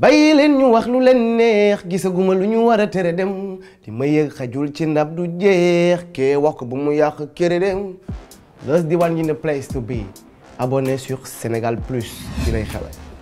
bàyyi leen ñu wax lu leen neex gisaguma lu ñu war a tere dem di ma yëg xajul ci ndab du jeex kee wax ko bu mu yàq kéré dem Leuz Diwane yi ne place to be abonné sur Sénégal Plus dinay xewe